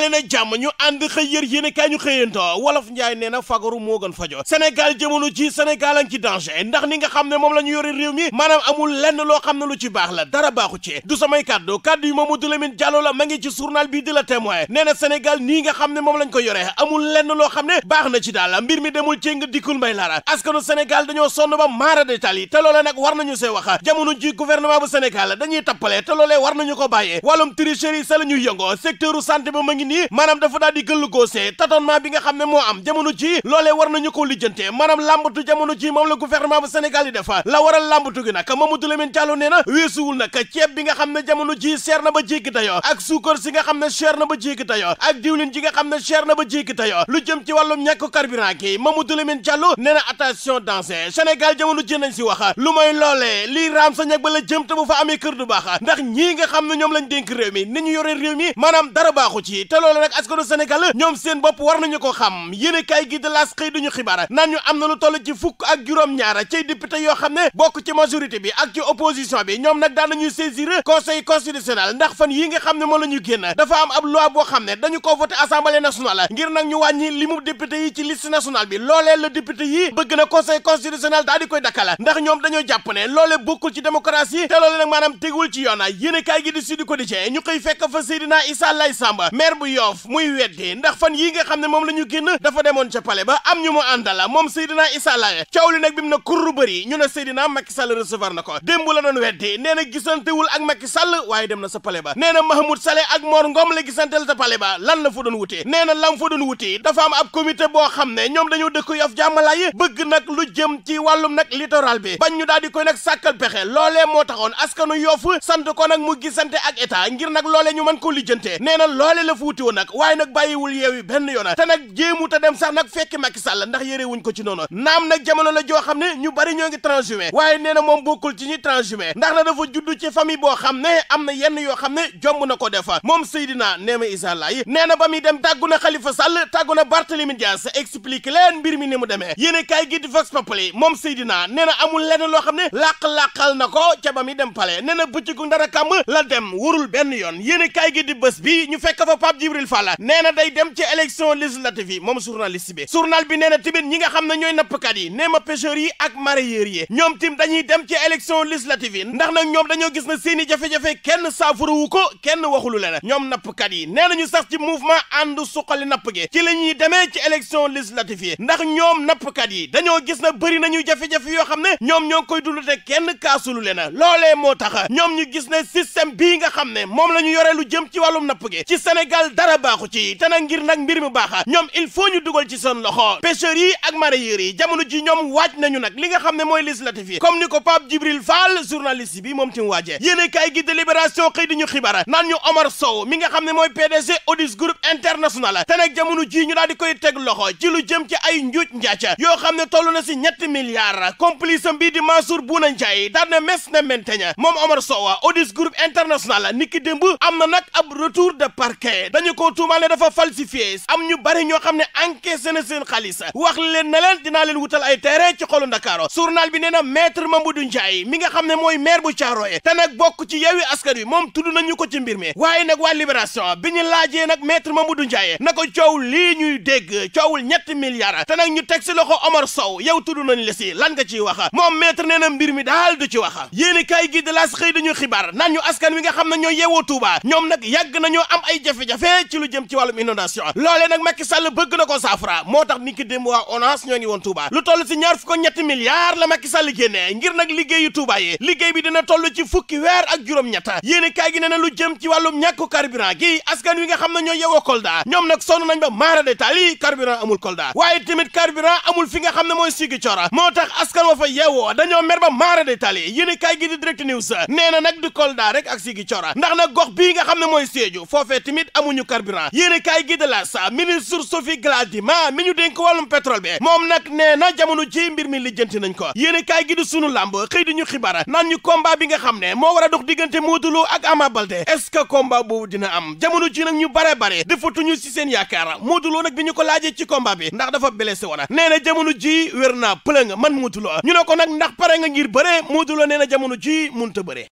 dalee na jàmm ñu ànd xëy yër yéene kaay ñu xëyantoo wolof njaay nee na fagaru moo gën fajo sénégal jamono ji sénégal a ngi ci danger ndax ni nga xam ne moom la ñu yore réew mi maanaam amul lenn loo xam ne lu ci baax la dara baaxu ci du samay kàddu kàddu yu Mamadou Lamine Diallo la ma ngi ci journal bi di la témoin nee nii nga xam ne moom lañ ko yoree amul lenn loo xam ne baax na ci daala mbir mi demul ci nga dikkul mbay laara askanu sénégal dañoo sonn ba maara détal yi te loolee nag war nañu see wax jamono ji gouvernement bu sénégal dañuy tappale te loolee war nañu ko bàyyee wàllum tricherie sa la ñuy yëngoo secteur santé ba ma nii maanaam dafa daal di gëllu goosee tâtonnement bi nga xam ne moo am jamono ji loolee war nañu ko lijjante maanaam làmbatu jamono ji moom la gouvernement bu Sénégal yi defa la waral làmbatu gi nag Mamadou Lamine Diallo nee na weesuwul nag ceeb bi nga xam ne jamono ji seer na ba jéggi dayoo ak suukar si nga xam ne seer na ba jéggi dayoo ak ji nga xam ne seer na ba jéggi dayoo lu jëm ci wàllum ñàkk carburant gi Mamadou Lamine Diallo nee na attention danger Sénégal jamono ji nañ si wax lu mooy loolee lii raam sa ñag ba la jëm te bu fa amee kër du baax ndax ñii nga xam ne ñoom lañ dénk réew ñu yore réew mi maanaam dara baaxu ci loolu nag askanu Sénégal ñoom seen bopp war nañu ko xam yéene kaay gi de laas xëy duñu xibaar naan ñu am na lu toll ci fukk ak juróom-ñaar cay député yoo xam ne bokk ci majorité bi ak ci opposition bi ñoom nag daan nañuy saisir conseil constitutionnel ndax fan yi nga xam ne moo la ñu génn dafa am ab loi boo xam ne dañu ko voté assemblée nationale ngir nag ñu wàññi limu député yi ci liste nationale bi loolee la député yi bëgg na conseil constitutionnel daal di koy dakkal ndax ñoom dañoo jàpp ne loolee bokkul ci démocratie te loolee nag maanaam teguwul ci yoon yéene kaay gi di Sud ñu koy fekk fa Seydina Issa Lay Samba Yoff muy weddi ndax fan yi nga xam ne moom la ñu génn dafa demoon ca pale ba am ñu mu àndala moom Seydina Issa coow li nag bi mu na kurru bëri ñu ne Seydina Macky Sall recevoir na ko démb la doon weddi nee na gisantewul ak Macky Sall waaye dem na sa pale ba nee na Mahmoud Saleh ak Mor Ngom la gisantel sa pale ba lan la fa doon wutee nee na lam fa doon wutee dafa am ab comité boo xam ne ñoom dañoo dëkk Yoff jàmmalaay bëgg nag lu jëm ci wàllum moo taxoon askanu Yoff sant ko nag mu gisante ak état ngir nag loolee ñu mën ko lijjante nee na métti woon nag waaye nag bàyyiwul yeewi benn yoon te nag jéemu te dem sax nag fekki Macky Sall ndax yére wuñ ko ci noonu naam nag jamono la joo xam ne ñu bari ñoo ngi transhumé waaye nee na moom bokkul ci ñi transhumé ndax na dafa judd ci famille boo xam ne am na yenn yoo xam ne jomb na ko defa moom Seydina Némé Issa Laye nee na ba muy dem tàggu na Khalifa Sall tàggu na Barthélémy Dias explique leen mbir mi ni mu demee yéene kaay gi di Vox moom Seydina nee na amul lenn loo xam ne làq-làqal na ko ca ba muy dem pale nee na bëccëgu ndara kàmm la dem wurul benn yoon yéene Jibril Fall nee na day dem ci élection législative yi moom journaliste bi journal bi nee na tamit ñi nga xam ne ñooy nappkat yi nee ma pêcheurs yi ak mareyeurs yi ñoom tim dañuy dem ci élection législative yi ndax nag ñoom dañoo gis na seeni jafe-jafe kenn saafarawu ko kenn waxulu leen ñoom nappkat yi nee nañu sax ci mouvement ànd suqali napp gi ci la ñuy demee ci élection législative yi ndax ñoom nappkat yi dañoo gis na bëri nañu jafe-jafe yoo xam ne ñoom ñoo koy dund te kenn kaasulu leen loolee moo tax ñoom ñu gis ne système bii nga xam ne moom la ñu yore lu jëm ci wàllum napp gi ci Sénégal dara baaxu ci te nag ngir nag mbir mi baaxa ñoom il faut ñu dugal ci seen loxo pêcheurs yi ak mareyeurs yi jamono ji ñoom waaj nañu nag li nga xam ne mooy législatif yi comme ni ko Pape Djibril Fall journaliste bi moom tim waajee yéen kaay gi délibération xëy di ñu xibaar naan ñu Omar Sow mi nga xam ne mooy PDG Odis Group International te nag jamono ji ñu daal di koy teg loxo ci lu jëm ci ay njuuj njaaca yoo xam ne toll na si ñetti milliards complice am di Mansour Bouna Ndiaye daal ne mes na menteña moom Omar Sow Odis Group International niki démb am na nag ab retour de parquet dañu ko tuumaal ne dafa falsifié am ñu bari ñoo xam ne encaissé na seen xaalis wax leen na leen dinaa wutal ay terrain ci xolu Ndakaaru journal bi nee na maître Mamadou Ndiaye mi nga xam ne mooy maire bu Thiaroye te bokk ci Yewwi Askan Wi moom tudd nañu ko ci mbir mi waaye nag waa Libération bi ñu laajee nag maître Mamadou Ndiaye na ko coow lii ñuy dégg coowul ñetti milliards te nag ñu teg si loxo Omar Sow yow tudd nañ la si lan nga ciy wax moom maître nee na mbir mi daal du ci wax yéeni kayi gi de laas xëy dañu xibaar naan ñu askan wi nga xam ne ñoo yeewoo Touba ñoom nag yàgg nañoo am ay jafe-jafe ci lu jëm ci wàllum inondation loolee nag Macky Sall bëgg na ko saafara moo tax ni ki démb waa ONAS ñoo ngi woon Touba lu toll si ñaar fukk ñetti milliards la Macky Sall génnee ngir nag liggéeyu Touba yi liggéey bi dina toll ci fukki weer ak juróom-ñett yéen kaay gi nee na lu jëm ci wàllum ñàkku carburant gi askan wi nga xam na ñoo yewoo Kolda ñoom nag sonn nañ ba maara de taali carburant amul Kolda waaye tamit carburant amul fi nga xam ne mooy sigi cora moo tax askan wa fa yeewoo dañoo mer ba maara de taali nga xam ne mooy Sédhiou foofee tamit njëriñu carburant yéene kaay gi de la sa ministre Sophie mi ñu dénk wàllum pétrole bi moom nag nee na jamono ji mbir mi lijjanti nañ ko yéene kaay gi di sunu làmb xëy di ñu xibaar nan ñu combat bi nga xam ne moo wara a dox diggante Modou Lo ak Ama Baldé est-ce que combat dina am jamono ji nag ñu bare bare defatuñu ci seen yaakaar Modou Lo nag bi ñu ko laajee ci combat bi ndax dafa blessé woon nee na jamono ji wér naa pëlëng man Modou ñu ne ko nag ndax pare nga ngir bëre Modou Lo nee na jamono ji munta bëre